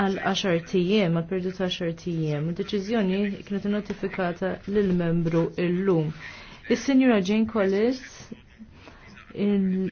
għal 10 tijiem, għal perdu ta' 10 tijiem. Deċizjoni kienet notifikata lill membru illum. Is-Sinjura Jane Collis